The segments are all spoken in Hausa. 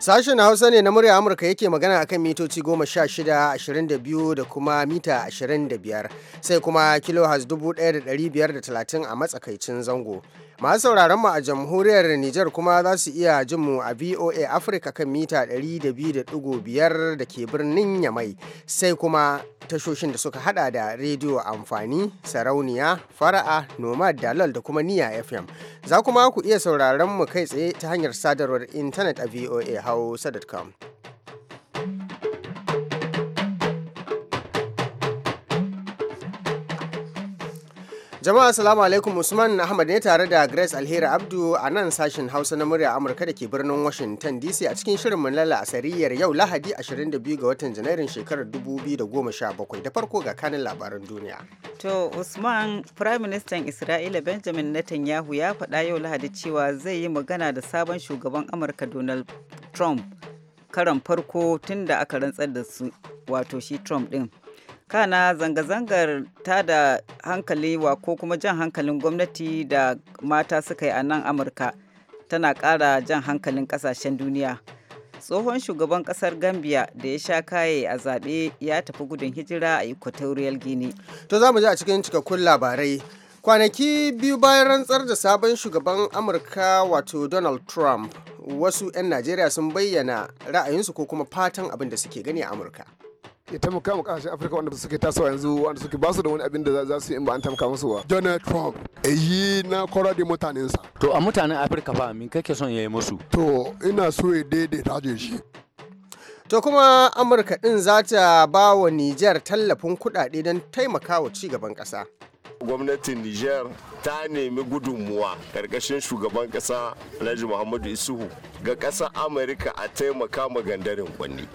Sashen Hausa ne na murya Amurka yake magana akan mitoci goma sha shida 22 da kuma mita 25 sai kuma da talatin a matsakaicin zango. masu sauraron mu a jamhuriyar Nijar kuma za su iya jin mu a VOA Africa kan mita 200.5 da ke birnin Yamai sai kuma tashoshin da suka hada da rediyo amfani sarauniya fara'a nomad dalal da kuma niya fm za kuma ku iya sauraron mu kai tsaye ta hanyar sadarwar intanet a voa hausa.com Jama'a salamu alaikum Usman Ahmad ne tare da Grace Alheri Abdu a nan sashen Hausa na murya Amurka da ke birnin Washington DC a cikin shirin lala a sariyar yau Lahadi 22 ga watan Janairun shekarar 2017 da farko ga kanin labaran duniya. To Usman Prime Minister Isra'ila Benjamin Netanyahu ya faɗa yau Lahadi cewa zai yi magana da sabon shugaban Amurka Donald Trump karan farko tun da aka rantsar da su wato shi Trump din. kana zanga-zangar ta da hankali wa ko kuma jan hankalin gwamnati da mata suka yi a nan amurka tana kara jan hankalin kasashen duniya tsohon shugaban kasar gambia da ya sha kaye a zaɓe ya tafi gudun hijira a equatorial gini. to za mu ji a cikin cikakkun labarai kwanaki biyu bayan rantsar da sabon shugaban amurka wato donald trump wasu 'yan najeriya sun bayyana ra'ayinsu ko kuma fatan abin da suke gani a amurka ya taimaka wa kasashen afirka wanda suke tasowa yanzu wanda suke basu da wani abin da za su yi in ba an taimaka musu ba donald trump yi na kora da mutanensa to a mutanen afirka ba min kake son ya yi musu to ina so ya daidaita shi To kuma Amurka din za ta ba wa Nijar tallafin kuɗaɗe don wa ci gaban ƙasa. gwamnatin niger ta nemi gudunmuwa ƙarƙashin shugaban ƙasa alhaji muhammadu isuhu ga ƙasar amurka a taimaka ma gandarin kwanni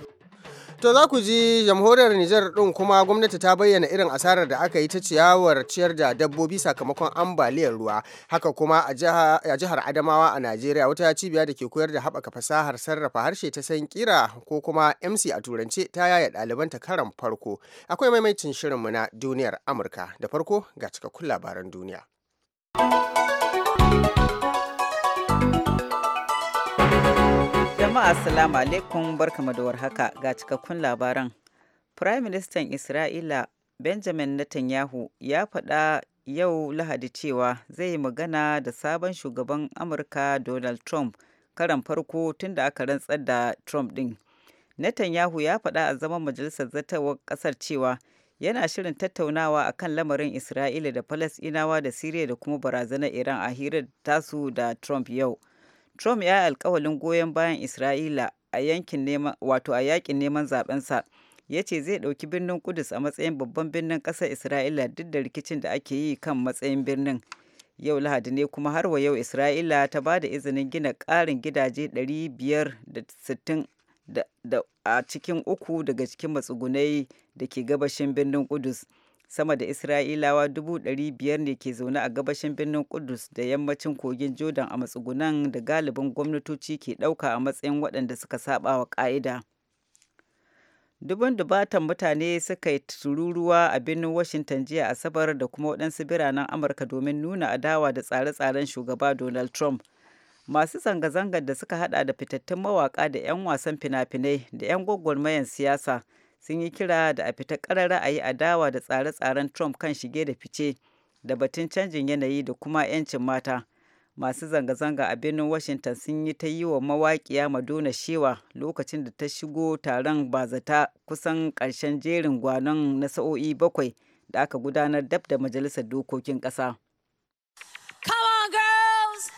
To za ku ji jamhuriyar Nijar ɗin kuma gwamnati ta bayyana irin asarar da aka yi ta ciyawar ciyar da dabbobi sakamakon ambaliyar ruwa. Haka kuma a jihar Adamawa a Najeriya wata cibiya da ke koyar da haɓaka fasahar sarrafa harshe ta san kira ko kuma MC a turance ta yaya ɗalibanta karan farko. Akwai maimaicin mu na duniyar Amurka. Da farko ga cikakkun labaran duniya. Jama'a Assalamu alaikum barkama da warhaka ga cikakkun labaran. Prime Minister Isra'ila Benjamin Netanyahu ya faɗa yau Lahadi cewa zai yi magana da sabon shugaban Amurka Donald Trump karan farko tun da aka rantsar da Trump ɗin. Netanyahu ya faɗa a zaman majalisar zartawar ƙasar cewa yana shirin tattaunawa a kan lamarin Isra'ila da Falasɗinawa da Siriya da kuma barazanar Iran a hirar tasu da Trump yau. Trump ya yi alkawalin goyon bayan Isra'ila a yankin neman wato a yakin neman zabensa ya ce zai ɗauki birnin Kudus a matsayin babban birnin ƙasar Isra'ila duk da rikicin da ake yi kan matsayin birnin. Yau Lahadi ne kuma har wa yau Isra'ila ta ba da izinin gina ƙarin gidaje 560 a cikin uku daga cikin matsugunai da ke gabashin birnin Kudus. sama da isra'ilawa dubu ɗari biyar ne ke zaune a gabashin birnin kudus da yammacin kogin jordan a matsugunan da galibin gwamnatoci ke ɗauka a matsayin waɗanda suka saba wa ƙa'ida dubin dubatan mutane suka yi tururuwa a birnin washington jiya asabar da kuma waɗansu biranen amurka domin nuna adawa da tsare-tsaren shugaba donald trump masu zanga-zangar da suka hada da fitattun mawaka da 'yan wasan fina-finai da 'yan gwagwarmayan siyasa sun yi kira da a fita ra'ayi a dawa da tsare-tsaren trump kan shige da fice da batun canjin yanayi da kuma 'yancin mata masu zanga-zanga a birnin washington sun yi ta yi wa mawaƙiya madonna shewa lokacin da ta shigo taron bazata kusan ƙarshen jerin gwanon na sa'o'i bakwai da aka gudanar dab da majalisar dokokin ƙasa. Come on girls!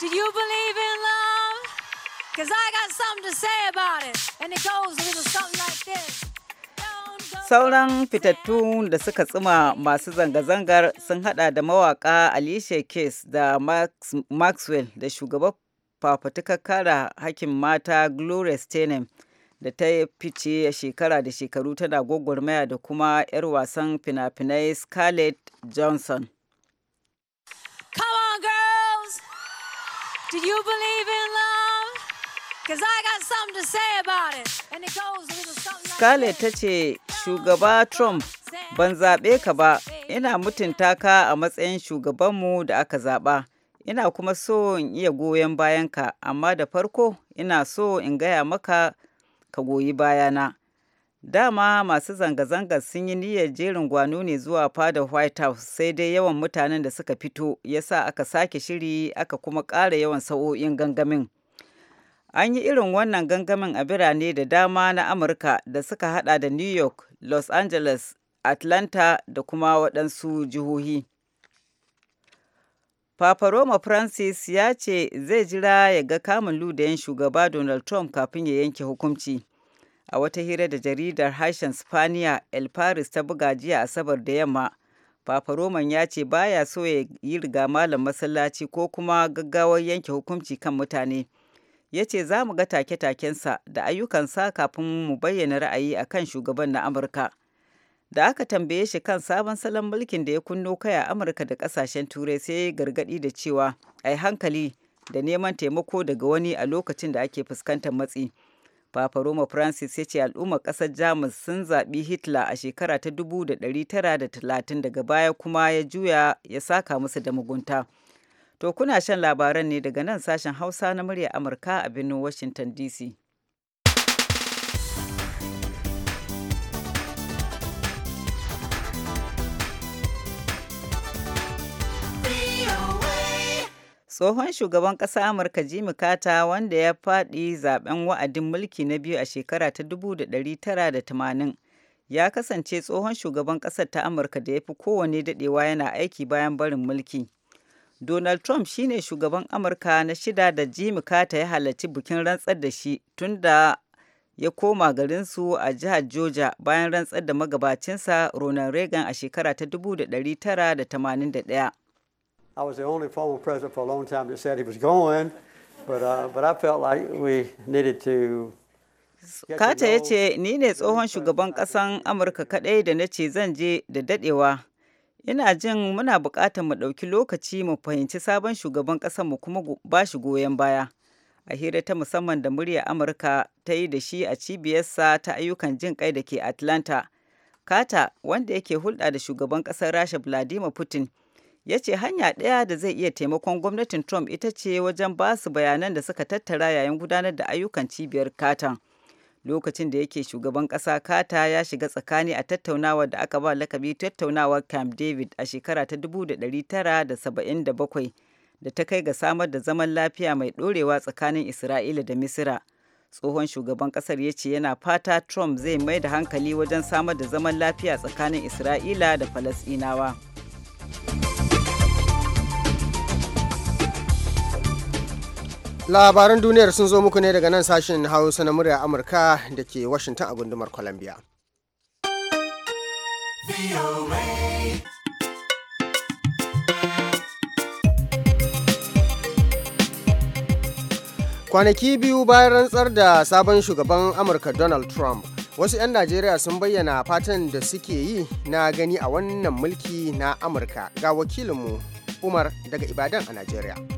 Did you believe in love? Cause I got something Sauran fitattun da suka tsima masu zanga-zangar sun hada da mawaka Alicia Keys da Maxwell da shugaban fafutukar kara hakin mata Gloria Steinem da ta fice shekara da shekaru tana gwagwarmaya da kuma 'yar wasan fina-finai Scarlett Johnson. Come on girls! Did you believe in love? Scarlett ta ce, Shugaba Trump, ban zaɓe ka ba, ina mutunta ka a matsayin shugabanmu da aka zaɓa. Ina kuma so in iya goyon bayanka, amma da farko ina so in gaya maka ka goyi bayana. Dama masu zanga zanga sun yi niyyar jerin gwano ne zuwa fada White House sai dai yawan mutanen da suka fito ya sa aka sake shiri aka kuma ƙara yawan sa'o'in gangamin. An yi irin wannan gangamin a birane da dama na Amurka da suka hada da New York, Los Angeles, Atlanta da kuma waɗansu jihohi. Papa Roma Francis ya ce zai jira ya ga kamun ludayen shugaba Donald Trump kafin ya yanke hukunci. A wata hira da jaridar harshen Spaniya El Paris ta buga jiya Asabar da yamma, Papa Roman ya ce baya so ya yi riga malam masallaci ko kuma gaggawar yanke hukunci kan mutane. ya ce za mu ga take-takensa da ayyukansa kafin mu bayyana ra'ayi a kan shugaban na amurka da aka tambaye shi kan sabon salon mulkin da ya kunno kai a amurka da kasashen turai sai ya gargadi da cewa ai hankali da neman taimako daga wani a lokacin da ake fuskantar matsi Papa Roma Francis ya ce al'ummar ƙasar Jamus sun zaɓi Hitler a shekara ta 1930 daga baya kuma ya juya ya saka musu da mugunta. To kuna shan labaran ne daga nan sashen Hausa na murya Amurka a birnin Washington DC. tsohon shugaban ƙasa amurka jimmy carter wanda ya faɗi zaben wa'adin mulki na biyu a shekara ta 1980 ya kasance tsohon shugaban ƙasar ta amurka da ya fi kowane daɗewa yana aiki bayan barin mulki Donald Trump shine shugaban Amurka na shida da Jimmy Carter ya halarci bikin rantsar da shi tun da ya koma garinsu a jihar Georgia bayan rantsar da magabacinsa Ronald Reagan a shekara ta 1981. I was the only former president for a Kata uh, ya ce, Ni ne tsohon shugaban ƙasan Amurka kaɗai da na ce zan je da daɗewa, Ina jin muna bukatar mu ɗauki lokaci mu fahimci sabon shugaban ƙasar mu kuma ba shi goyon baya. A hira ta musamman da murya Amurka ta yi da shi a cibiyarsa ta ayyukan jin kai da ke Atlanta. Kata, wanda yake hulɗa da shugaban kasar Rasha Vladimir Putin, ya ce hanya ɗaya da zai iya taimakon gwamnatin Trump ita ce wajen ba su bayanan da suka tattara yayin gudanar da ayyukan cibiyar Katan. lokacin da yake shugaban kasa kata ya shiga tsakani a tattaunawa da aka ba lakabi tattaunawar camp david a shekara ta 1977 da ta kai ga samar da zaman lafiya mai dorewa tsakanin isra'ila da misira tsohon shugaban kasar ya ce yana fata trump zai mai da hankali wajen samar da zaman lafiya tsakanin isra'ila da falasɗinawa. labaran duniyar sun zo muku ne daga nan sashen hausa na murya amurka da ke washington a gundumar columbia kwanaki biyu bayan rantsar da sabon shugaban amurka donald trump wasu 'yan najeriya sun bayyana fatan da suke yi na gani a wannan mulki na amurka ga wakilinmu umar daga ibadan a najeriya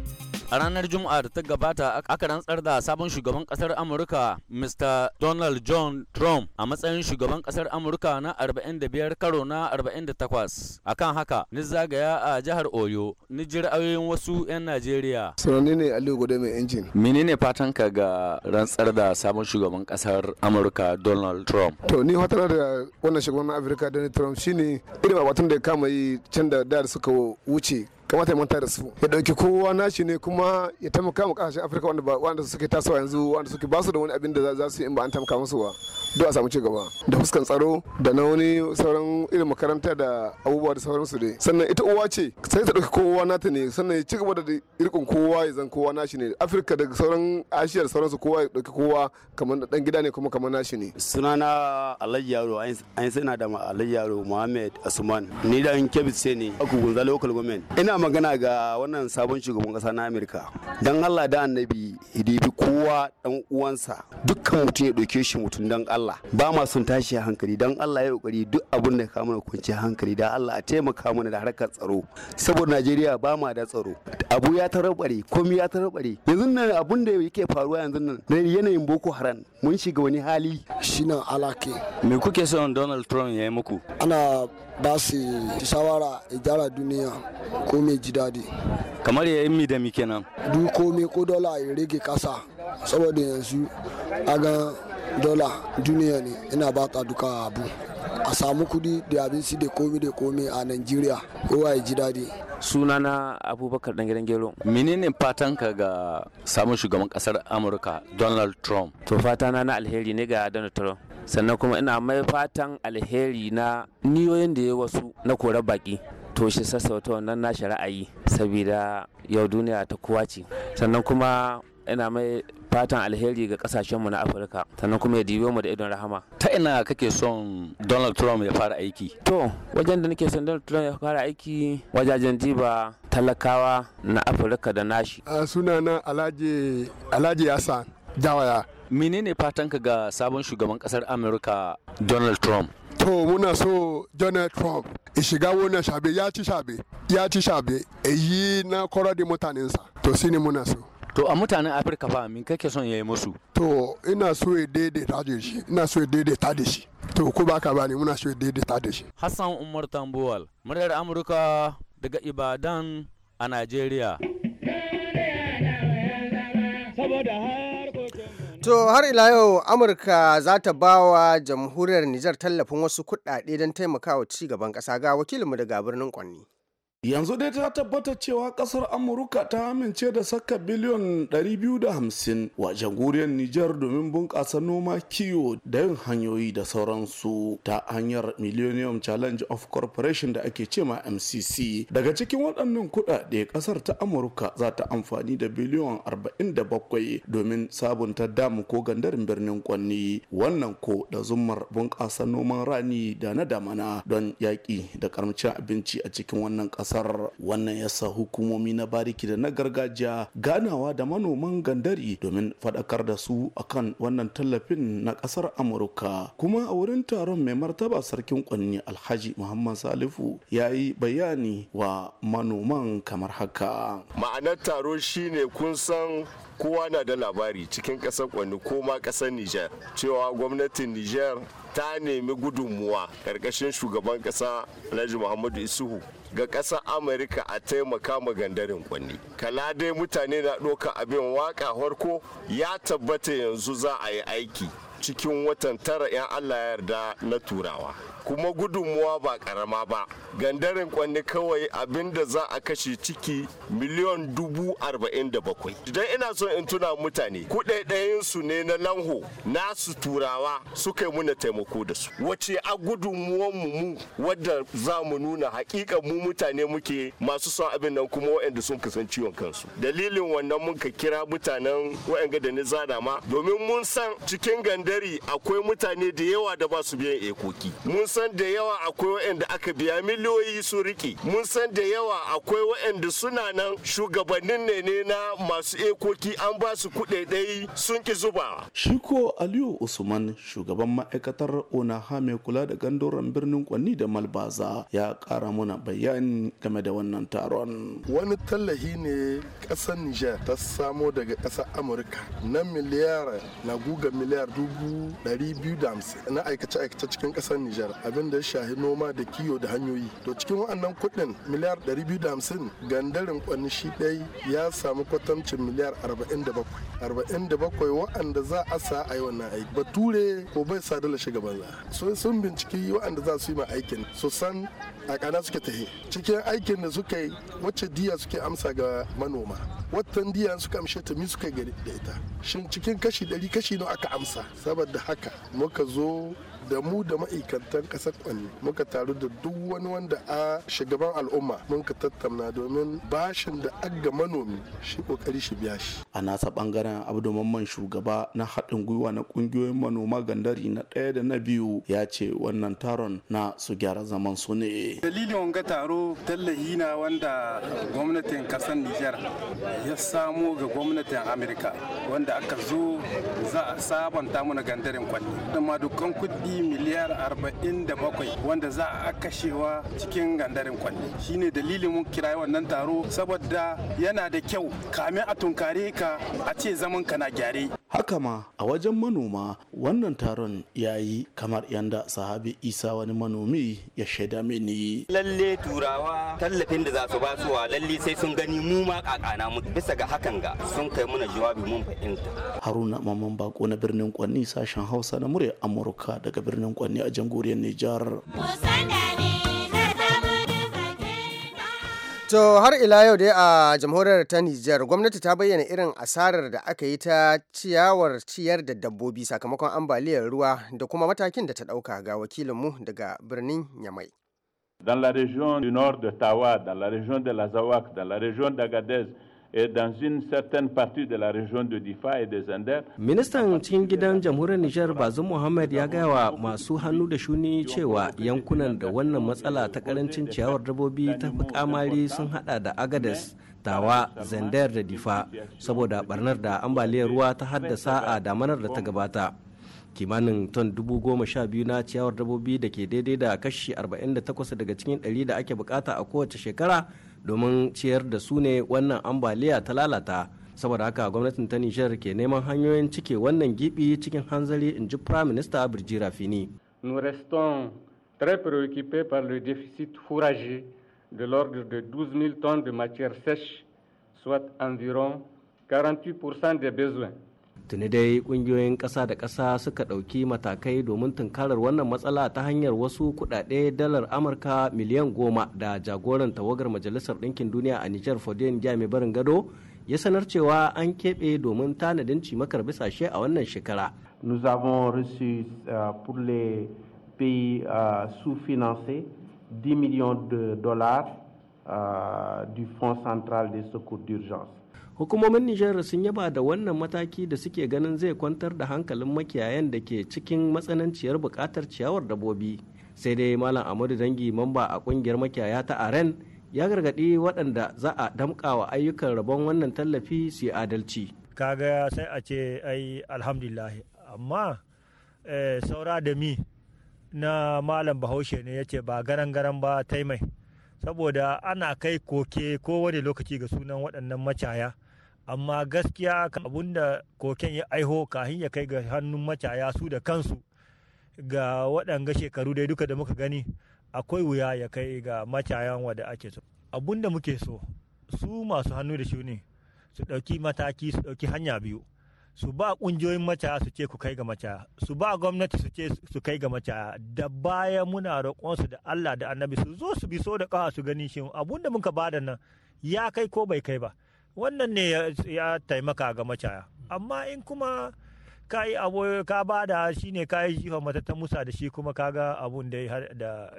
A ranar Juma'ar ta gabata aka rantsar da sabon shugaban kasar Amurka Mr. Donald John Trump a matsayin shugaban kasar Amurka na 45 karo na 48. Akan haka, ni zagaya a jihar Oyo, ni jira'ayoyin wasu 'yan Najeriya. Sunani ne Aliyu Gode mai injin. Menene fatan ka ga rantsar da sabon shugaban kasar Amurka Donald Trump? To ni hotar da wannan shugaban Amurka Donald Trump shine irin abatun da ya kama yi can da da suka wuce kamata ya manta da su ya dauki kowa nashi ne kuma ya taimaka ma kasashen afirka wanda ba wanda suke tasowa yanzu wanda suke ba su da wani abin da za su yi in ba an taimaka musu ba duk a samu ci gaba da fuskan tsaro da na wani sauran irin makaranta da abubuwa da sauransu dai sannan ita uwa ce sai ta dauki kowa nata ne sannan ya ci gaba da irkun kowa ya zan kowa nashi ne afirka da sauran ashiya da sauransu kowa ya dauki kowa kamar dan gida ne kuma kamar nashi ne sunana alhaji yaro an sai na da alhaji yaro muhammad asuman ni dan kebbi ne aku gunzalo local government ina magana ga wannan sabon shugaban kasa na Amurka. Don Allah da annabi idibi kowa dan uwansa dukkan mutum ya ɗauke shi mutum don Allah. Ba ma sun tashi hankali don Allah ya kokari duk abin da ka da kwanci hankali da Allah a taimaka mana da harkar tsaro. Saboda Najeriya ba ma da tsaro. Abu ya tarabare, komai ya tarabare. Yanzu nan abun da yake faruwa yanzu nan yanayin Boko Haram mun shiga wani hali. Shi nan alake. Me kuke son Donald Trump ya yi muku? Ana ba su shawara ya duniya ko mai ji daɗi kamar ya yi da mi kenan duk komai ko dola ya rage kasa saboda yanzu a ga dola duniya ne ina ba ta duka abu a samu kudi da abinci da komi da komi a Najeriya kowa ya ji daɗi. Sunana Abubakar Dangidan Gero. Menene fatan ga samun shugaban kasar Amurka Donald Trump? To fata na alheri ne ga Donald Trump. sannan kuma ina mai fatan alheri na niyoyin da ya wasu na kore baki to shi sassauta wannan nashi ra'ayi saboda yau duniya ta kowa ce sannan kuma ina mai fatan alheri ga kasashenmu na afirka sannan kuma ya dibe mu da idon rahama ta ina kake son donald trump ya fara aiki to wajen da nake son donald trump ya fara aiki wajajen jiba talakawa na afirka da nashi Suna sunana alhaji alhaji hassan jawaya menene fatanka ga sabon shugaban kasar amurka donald trump to muna so donald trump shiga wannan shabe ya ci shabe ya ci shabe yi na kora da mutanensa to sini muna so to a mutanen afirka fa min kake son yayi musu to ina so ya daidaita da shi ina so ya daidaita da shi to ko baka bani muna so ya daidaita da shi hassan umar tambuwal muryar amurka daga ibadan a nigeria saboda To har ila yau Amurka za ta ba wa jamhuriyar Nijar tallafin wasu kuɗaɗe don taimakawa ci gaban ƙasa ga wakilinmu daga birnin Kwanni. yanzu dai ta tabbatar cewa kasar amurka ta amince da saka biliyon 250 wa jamhuriyar nijar domin bunƙasa noma kiwo da yin hanyoyi da sauransu ta hanyar millennium challenge of corporation da ake cema mcc daga cikin waɗannan kuɗaɗe kasar ta amurka za ta amfani da biliyon 47 domin sabunta damu ko gandarin birnin kwanni wannan ko da zumar bunƙasa noman rani da na damana don yaƙi da karamcin abinci a cikin wannan ƙasa kasar wannan yasa hukumomi na bariki da na gargajiya ganawa da manoman gandari domin faɗakar da su akan wannan tallafin na kasar amurka kuma a wurin taron mai martaba sarkin kwanni alhaji muhammad salifu ya yi bayani wa manoman kamar haka ma'anar taro shine kun san kowa na da labari cikin ƙasar kwanni ko ma ƙasar Nijar cewa gwamnatin Nijar ta nemi gudunmuwa ƙarƙashin shugaban ƙasa Alhaji Muhammadu Isuhu ga ƙasar amurka a taimaka ma gandarin kwanni kala dai mutane na doka abin waka harko ya tabbata yanzu za a yi aiki cikin watan tara 'yan allah yarda na turawa kuma gudunmuwa ba karama ba gandarin kwanni kawai abinda za a kashe ciki miliyon dubu arba'in da bakwai idan ina so in tuna mutane kuɗaɗayin ne na lanho nasu turawa suka yi muna taimako da su wace a gudunmuwan mu wadda za mu nuna hakika mu mutane muke masu son abin nan kuma waɗanda sun kasan ciwon kansu dalilin wannan mun ka kira mutanen waɗanda da ni zada ma domin mun san cikin gandari akwai mutane da yawa da ba su biyan ekoki mun san da yawa akwai waɗanda aka biya miliyoyi su riki mun san da yawa akwai waɗanda suna nan shugabannin ne ne na masu ekoki an ba su kuɗaɗai sun ki zuba shiko ko aliyu usman shugaban ma'aikatar onaha mai kula da gandoran birnin kwanni da malbaza ya kara muna bayani game da wannan taron wani tallahi ne ƙasar niger ta samo daga ƙasar amurka na miliyar na guga miliyar dubu ɗari biyu da na aikace-aikace cikin ƙasar niger abin da ya shahi noma da kiyo da hanyoyi to cikin waɗannan kuɗin miliyar 250 gandarin kwanni shi ɗai ya samu kwatancin miliyar 47 47 waɗanda za a sa a yi wannan aiki bature ko bai sa dala shiga banza so sun binciki waɗanda za su yi ma aikin su san a kana suke tahe cikin aikin da suka yi wacce diya suke amsa ga manoma watan diya suka amshe ta mi suka gari da ita shin cikin kashi 100 kashi nawa aka amsa saboda haka muka zo da mu da ma'aikatan ƙasar kwanni muka taru da duk wani wanda a shugaban al'umma mun ka tattauna domin bashin da agga manomi shi kokari shi biya shi a nasa bangaren abdu mamman shugaba na haɗin gwiwa na ƙungiyoyin manoma gandari na ɗaya da na biyu ya ce wannan taron na su gyara zaman su ne dalilin wanga taro tallahi na wanda gwamnatin ƙasar nijar ya samo ga gwamnatin amurka wanda aka zo za a sabanta mana gandarin kwalli da madukan kuɗi arba'in da bakwai wanda za a kashewa cikin gandarin shi shine dalilin mun kirayi wannan taro saboda yana da kyau kamin a tunkare ka a ce zaman ka na gyare haka ma a wajen manoma wannan taron ya yi kamar yanda sahabi isa wani manomi ya shaida mini lalle turawa tallafin da za su ba suwa lalle sai sun gani mu ma kakana mu bisa ga hakan ga sun kai muna jawabi mun fahimta haruna maman bako na birnin kwanni sashen hausa na murya amurka daga birnin kwanni a jamhuriyar nijar To har ila yau dai a jamhuriyar ta Nijar gwamnati ta bayyana irin asarar da aka yi ta ciyawar ciyar da dabbobi sakamakon ambaliyar ruwa da kuma matakin da ta ɗauka ga wakilinmu daga birnin Yamai. Dans la région du nord de Tawa, dans la région de la Zawak, dans la région d'Agadez, et dans une certaine partie de Difa et Ministan cikin gidan jamhuriyar Nijar bazu mohammed ya gaya wa masu hannu da shuni cewa yankunan da wannan matsala ta karancin ciyawar dabobi ta fi kamari sun hada da Agades, Tawa, Zander da Difa saboda barnar da ambaliyar ruwa ta haddasa a damanar da ta gabata. kimanin ton dubu goma sha biyu na ciyawar dabobi da ke daidai da kashi 48 daga cikin 100 da ake bukata a kowace shekara nous restons très préoccupés par le déficit fourrager de l'ordre de 12 000 tonnes de matière sèche soit environ 48% des besoins tuni dai kungiyoyin ƙasa da ƙasa suka ɗauki matakai domin tunkarar wannan matsala ta hanyar wasu kuɗaɗe dalar amurka miliyan goma da jagoran tawagar majalisar ɗinkin duniya a nijar fodin jami barin gado ya sanar cewa an keɓe domin tanadin cimakar bisashe a wannan shekara nous avons reçu uh, pour les pays euh, sous de dollars euh, du fonds central de secours d'urgence hukumomin nijar sun yaba da wannan mataki da suke ganin zai kwantar da hankalin makiyayan da ke cikin matsananciyar bukatar ciyawar dabobi sai dai malam amadu dangi mamba a ƙungiyar makiyaya ta aren ya gargaɗi waɗanda za a damƙawa ayyukan rabon wannan tallafi su yi adalci kaga sai a ce ai alhamdulillah amma eh, saura da mi na malam bahaushe ne ya ce ba garan garan ba taimai saboda ana kai koke ko wani lokaci ga sunan waɗannan macaya amma gaskiya da koken ya aiho kahin ya kai ga hannun macaya su da kansu ga waɗanga shekaru dai duka da muka gani akwai wuya ya kai ga macayan wada ake so da muke so su masu hannu da shuni su ɗauki mataki su ɗauki hanya biyu su ba ƙungiyoyin macaya su ce ku kai ga macaya su ba gwamnati su ce su kai ga macaya da baya muna roƙonsu da Allah da annabi su zo su bi so da ƙawa su gani shin abun da muka bada nan ya kai ko bai kai ba wannan ne ya taimaka ga macaya amma in kuma ka yi abu ka ba da shi ne ka yi jifa mata ta musa da shi kuma ka ga abun da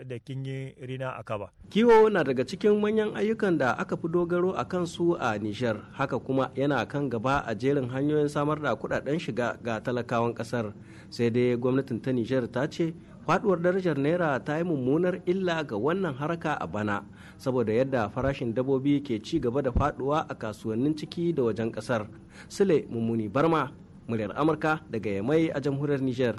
da kin yi rina a kaba. Kiwo na daga cikin manyan ayyukan da aka fi dogaro a kan su a Nijar haka kuma yana kan gaba a jerin hanyoyin samar da kudaden shiga ga talakawan kasar sai dai gwamnatin ta Nijar ta ce faduwar darajar naira ta yi mummunar illa ga wannan haraka a bana saboda yadda farashin dabobi ke ci gaba da faduwa a kasuwannin ciki da wajen kasar sule mummuni barma muryar amurka daga yamai a jamhuriyar niger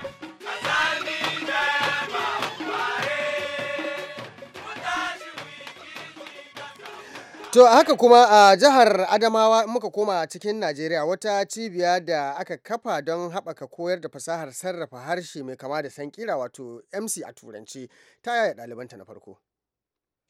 To haka kuma a jihar Adamawa muka koma cikin Najeriya wata cibiya da aka kafa don haɓaka koyar da fasahar sarrafa harshe mai kama da sankira wato MC a turanci ta yaya ɗalibanta na farko.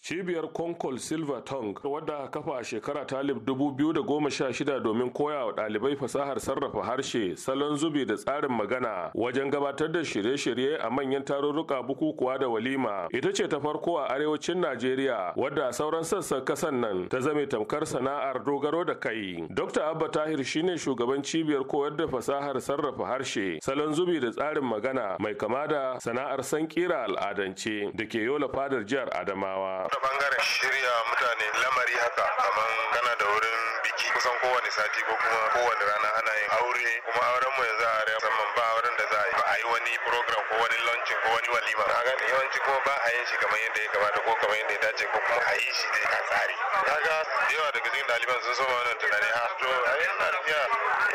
Cibiyar Concol Silver Tongue wadda kafa a shekara talib shida domin koya wa ɗalibai fasahar sarrafa harshe, salon zubi da tsarin magana wajen gabatar da shirye-shirye a manyan tarurruka bukukuwa da walima. Ita ce ta farko a arewacin Najeriya wadda sauran sassan kasan nan ta zame tamkar sana'ar dogaro da kai. Dr. Abba Tahir shine shugaban cibiyar koyar da fasahar sarrafa harshe, salon zubi da tsarin magana mai kama da sana'ar sankira al'adance da ke yola fadar jihar Adamawa. ta bangaren shirya mutane lamari haka kamar kana da wurin biki kusan kowane sati ko kuma kowane rana ana yin aure kuma auren mu yanzu a arewa musamman ba auren da za a yi ba a yi wani program ko wani launching ko wani walima a gani yawanci kuma ba a yin shi kamar yadda ya kamata ko kamar yadda ya dace ko kuma a yi shi dai a tsari kaga da yawa daga cikin ɗaliban sun soma wannan tunani A ah, to a yi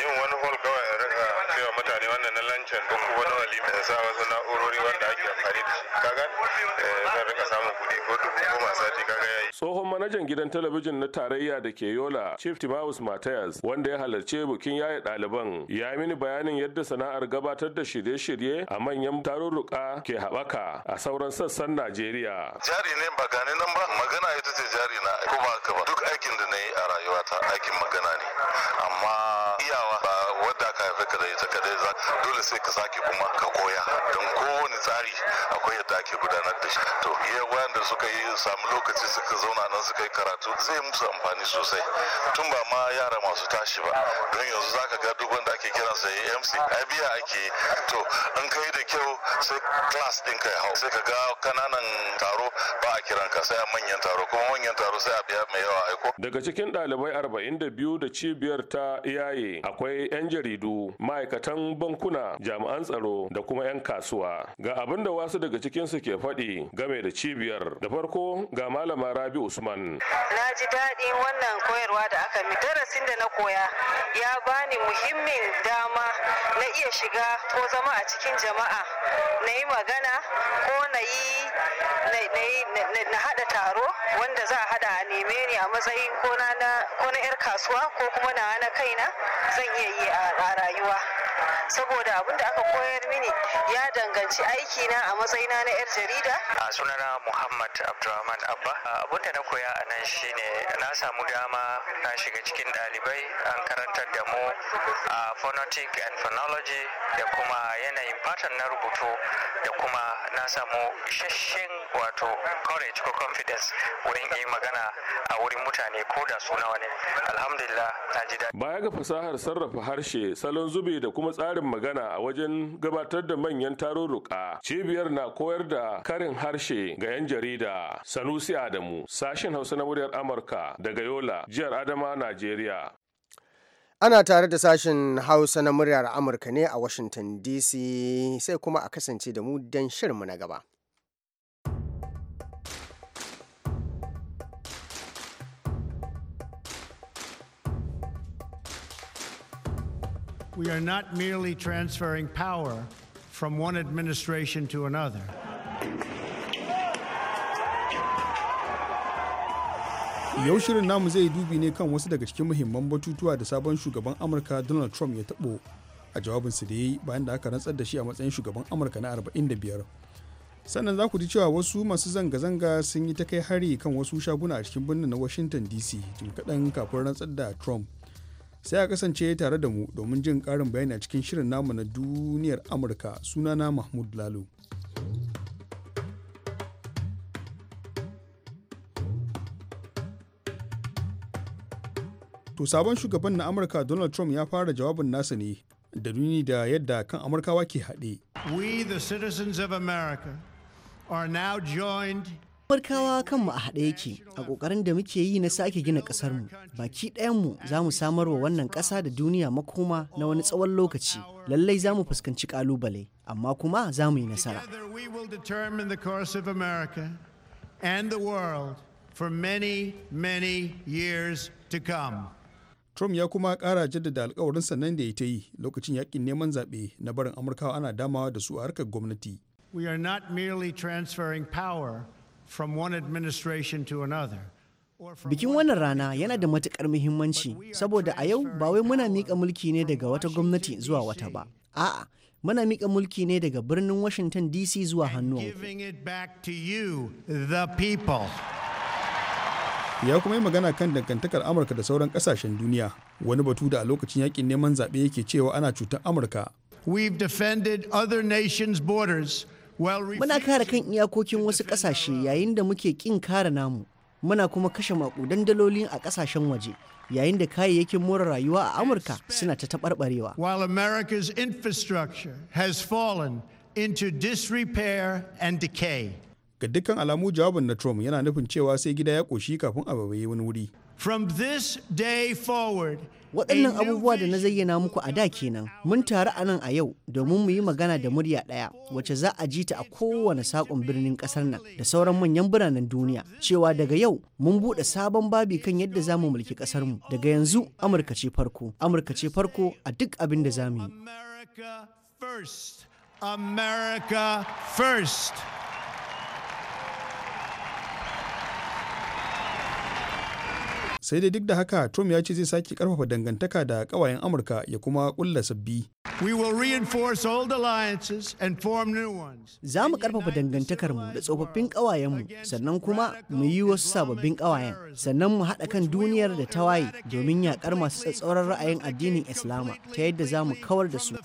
yin wani hall kawai rika cewa mutane wannan wancan duk wani walimi walima sa wasu na'urori wanda ake amfani da shi kaga eh, zan rika samun kuɗi ko dubu goma sati kaga yayi tsohon manajan gidan talabijin na tarayya da ke yola chief timawus matayas wanda ya halarci bikin yaye ɗaliban ya mini bayanin yadda sana'ar gabatar da shirye-shirye a manyan tarurruka ke haɓaka a sauran sassan najeriya jari ne ba gane nan ba magana ita ce jari na kuma to iya da suka yi samu lokaci suka zauna nan suka yi karatu zai musu amfani sosai tun ba ma yara masu tashi ba don yanzu zaka ga duk wanda ake kiran sa AMC ai biya ake to in ka da kyau sai class din ka hau sai ka ga kananan taro ba a kiran ka sai a manyan taro kuma manyan taro sai a biya mai yawa aiko daga cikin ɗalibai arba'in da biyu da cibiyar ta iyaye akwai 'yan jaridu ma'aikatan bankuna jami'an tsaro da kuma 'yan kasuwa ga abin da wasu daga cikinsu ke faɗi game da cibiyar da farko ga malama rabi usman na ji daɗin wannan koyarwa da aka mi darasin da na koya ya bani muhimmin dama na iya shiga ko zama a cikin jama'a na yi magana ko na yi na haɗa taro wanda za a haɗa a neme ni a matsayin ko na 'yar kasuwa ko kuma na na kaina zan iya yi a rayuwa saboda abin da aka koyar mini ya danganci aikina a matsayina na 'yar jarida a sunana muhammad abdulrahman abba abun da na koya a nan shine na samu dama na shiga cikin ɗalibai an karantar da mu a phonetic and phonology da kuma yanayin pattern na rubutu da kuma na samu isasshen wato courage ko confidence wurin yin magana a wurin mutane ko da su nawa ne alhamdulillah na ji daɗi baya ga fasahar sarrafa harshe salon zube da kuma tsarin magana a wajen gabatar da manyan tarurruka cibiyar na koyar da karin harshe ga 'yan jarida sanusi adamu sashen hausa na muryar amurka daga yola jihar adama najeriya ana tare da sashen hausa na muryar amurka ne a washington dc sai kuma a kasance da mu don shirinmu na gaba we are not merely transferring power from one administration to another. Yau shirin namu zai dubi ne kan wasu daga cikin muhimman batutuwa da sabon shugaban Amurka Donald Trump ya a da ya yi bayan da aka rantsar da shi a matsayin shugaban Amurka na 45. Sannan za ku ji cewa wasu masu zanga-zanga sun yi ta kai hari kan wasu shaguna a cikin birnin na Washington DC jim kaɗan kafin rantsar da Trump. sai a kasance tare da mu domin jin karin bayani a cikin shirin namu na duniyar amurka sunana mahmud lalu. to sabon shugaban na amurka donald trump ya fara jawabin nasa ne da nuni da yadda kan amurkawa ke haɗe we the citizens of america are now joined Barkawa kanmu a haɗe yake a ƙoƙarin da muke yi na sake gina ƙasarmu. Baki ɗayanmu za mu samar wa wannan ƙasa da duniya makoma na wani tsawon lokaci. Lallai za mu fuskanci ƙalubale, amma kuma za mu yi nasara. Trump ya kuma kara jaddada alkawarin sannan da ya ta yi lokacin yakin neman zaɓe na barin Amurkawa ana damawa da su a harkar gwamnati. We are not merely transferring power, Bikin wannan rana yana da matuƙar muhimmanci saboda a yau ba wai muna miƙa mulki ne daga wata gwamnati zuwa wata ba. A'a, muna miƙa mulki ne daga birnin Washington DC zuwa hannu. Ya kuma yi magana kan dangantakar Amurka da sauran ƙasashen duniya, wani batu da a lokacin yakin neman zaɓe yake cewa ana cutar Amurka. We've defended other nations' borders Muna kare kan iyakokin wasu ƙasashe yayin da muke ƙin kare namu. Muna kuma kashe maƙudan dalolin a ƙasashen waje yayin da kayayyakin more rayuwa a Amurka suna ta taɓarɓarewa. While America's infrastructure has fallen into disrepair and decay. Ga dukkan alamu jawabin na Trump yana nufin cewa sai gida ya ƙoshi kafin a babaye wani wuri. From this day forward, waɗannan abubuwa da na zayyana muku a da kenan mun taru a nan a yau domin mu yi magana da murya ɗaya wacce za a ji ta a kowane saƙon birnin ƙasar nan da sauran manyan biranen duniya cewa daga yau mun buɗe sabon babi kan yadda za mu mulki ƙasarmu daga yanzu amurka ce farko amurka ce farko a duk abin da za mu yi America first. sai dai duk da haka trump ya ce zai sake karfafa dangantaka da kawayen amurka ya kuma kulla sabbi za mu karfafa dangantakarmu da tsofaffin kawayenmu sannan kuma mu yi wasu sababbin kawayen sannan mu haɗa kan duniyar da ta waye domin yaƙar masu tsatsauran ra'ayin addinin islama ta yadda za mu kawar da su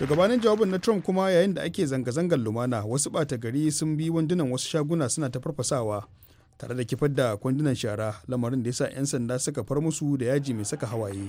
To gabanin jawabin na Trump kuma yayin da ake zanga-zangar lumana wasu ɓata gari sun bi wandunan wasu shaguna suna ta farfasawa tare da kifar da kwandunan shara lamarin da ya sa 'yan sanda suka far musu da yaji mai saka hawaye.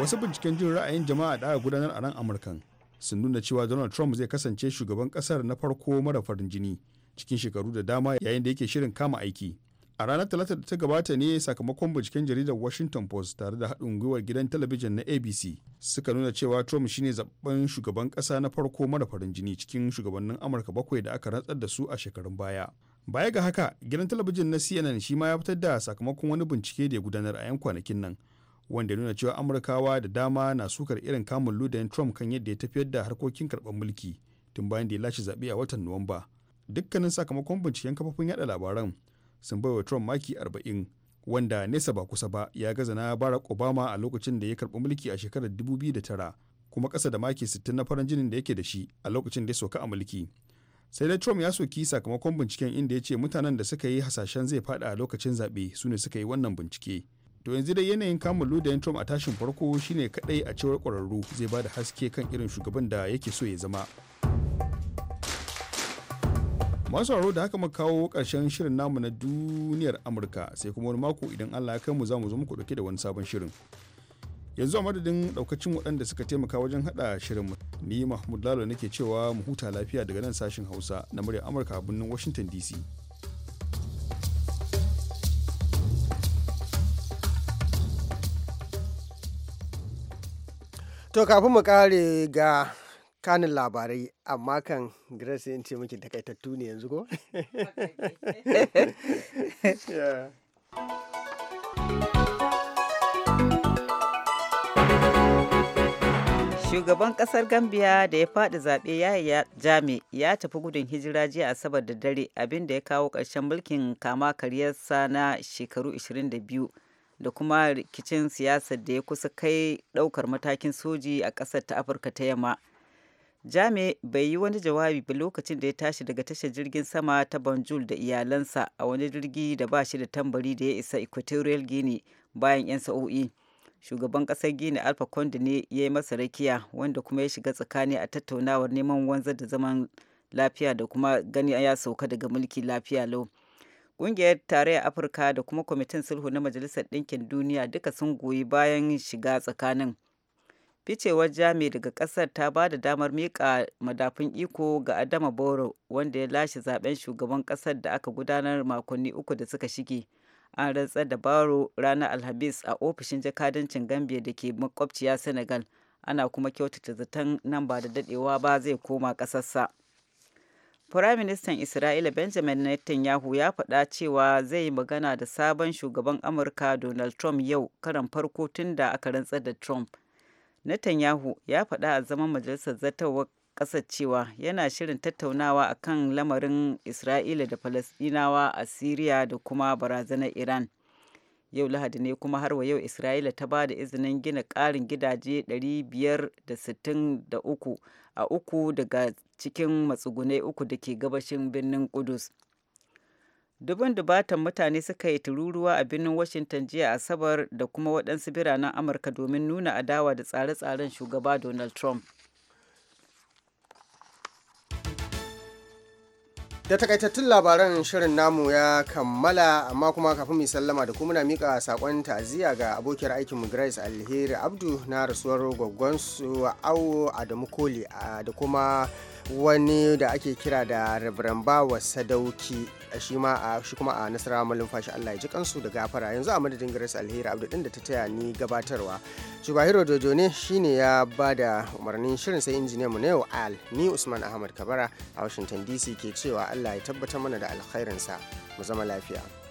wasu binciken jin ra'ayin jama'a da aka gudanar a nan amurkan sun nuna cewa donald trump zai kasance shugaban kasar na farko mara farin jini cikin shekaru da dama yayin da yake shirin kama aiki a ranar talata da ta gabata ne sakamakon binciken jaridar washington post tare da haɗin gwiwar gidan talabijin na abc suka nuna cewa trump shine zaben shugaban ƙasa na farko mara farin jini cikin shugabannin amurka bakwai da aka rantsar da su a shekarun baya baya ga haka gidan talabijin na cnn shi ma ya fitar da sakamakon wani bincike da ya gudanar a 'yan kwanakin nan wanda ya nuna cewa amurkawa da dama na sukar irin kamun ludayin trump kan yadda ya tafiyar da harkokin karɓar mulki tun bayan da ya lashe zaɓe a watan nuwamba dukkanin sakamakon binciken kafafun yada labaran sun baiwa trump maki 40 wanda nesa ba kusa ba ya gaza na barack obama a lokacin da ya karɓi mulki a shekarar 2009 kuma ƙasa da maki 60 na farin jinin da yake da shi a lokacin da ya soka a mulki sai dai trump ya soki sakamakon binciken inda ya ce mutanen da suka yi hasashen zai fada a lokacin zaɓe su ne suka yi wannan bincike to yanzu dai yanayin kamun ludayin trump a tashin farko shine kadai a cewar kwararru zai ba da haske kan irin shugaban da yake so ya zama masu sauraro da haka kawo karshen shirin namu na duniyar amurka sai kuma wani mako idan allah ya kai mu za mu zo muku dauke da wani sabon shirin yanzu a madadin daukacin waɗanda suka taimaka wajen haɗa shirin ni mahmud lalo nake cewa mu huta lafiya daga nan sashin hausa na murya amurka a birnin washington dc to kafin mu kare ga kanin labarai amma kan grace in ce miki takaitattu ne yanzu ko shugaban kasar gambia da ya faɗi zaɓe ya jami ya tafi gudun hijira jiya asabar da dare abinda ya kawo ƙarshen mulkin kama karyarsa na shekaru 22 da kuma rikicin siyasar da ya kusa kai ɗaukar matakin soji a ƙasar ta afirka ta yamma jami bai yi wani jawabi ba lokacin da ya tashi daga tashar jirgin sama ta banjul da iyalansa a wani jirgi da ba shi da tambari da ya isa equatorial guinea bayan 'yan sa'o'i shugaban ƙasar guinea alpha conde ne ya yi masa rakiya wanda kuma ya shiga tsakani a tattaunawar neman wanzar da zaman lafiya da kuma gani ya sauka daga mulki lafiya lau Ƙungiyar Tarayyar Afirka da kuma Kwamitin Sulhu na Majalisar Ɗinkin Duniya duka sun goyi bayan shiga tsakanin. ficewar jami daga kasar ta ba da damar mika madafun iko ga adama boro wanda ya lashe zaben shugaban kasar da aka gudanar makonni uku da suka shige an rantsar da baro ranar alhamis a ofishin jakadancin gambia da ke makwabciya senegal ana kuma kyautata zaton nan ba da dadewa ba zai koma kasarsa Firaministan Isra'ila Benjamin Netanyahu ya faɗa cewa zai yi magana da sabon shugaban Amurka Donald Trump yau karan farko tun da aka rantsar da Trump. Netanyahu ya faɗa a zaman majalisar zartarwar ƙasar cewa yana shirin tattaunawa akan lamarin Isra'ila da Falasɗinawa a Siriya da kuma barazanar Iran. Yau Lahadi ne kuma har wa yau Isra'ila ta ba da izinin gina ƙarin gidaje 563 a uku daga cikin matsugunai uku da ke gabashin birnin Kudus. dubin dubatan mutane suka yi tururuwa a birnin washington jiya asabar da kuma waɗansu biranen amurka domin nuna adawa da tsare-tsaren shugaba donald trump da takaitattun labaran shirin namu ya kammala amma kuma kafin mu sallama da kuma na mika sakon ta'aziyya ga abokiyar aikin mu Grace Alheri Abdu na rasuwar gwaggonsu su Awo Adamu Koli da kuma wani da ake kira da rabaramba Bawa Sadauki shi ma a shi kuma a nasarawa malumfashi Allah ya ji kansu da gafara yanzu a madadin Grace Alheri Abdu din da ta taya ni gabatarwa Jubahiro jojo ne shi ne ya ba da umarnin shirin sai injiniyan mu na yau Al ni Usman Ahmad Kabara a Washington DC ke cewa Allah ya tabbatar mana da alkhairinsa mu zama lafiya